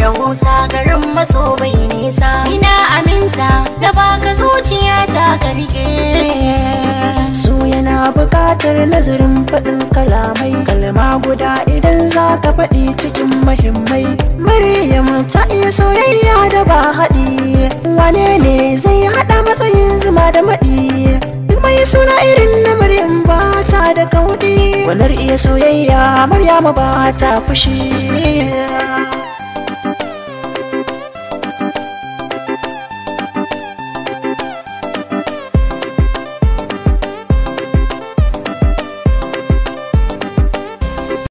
rahusa garin maso bai nisa ina aminta na baka zuciya ta ka su yana buƙatar nazarin faɗin kalamai kalma guda idan za ka faɗi cikin mahimmai maryam ta iya soyayya da ba haɗi wane ne zai haɗa matsayin zuma da maɗi mai suna irin na maryam ba ta da kauɗi wanar iya soyayya maryama ba ta fushi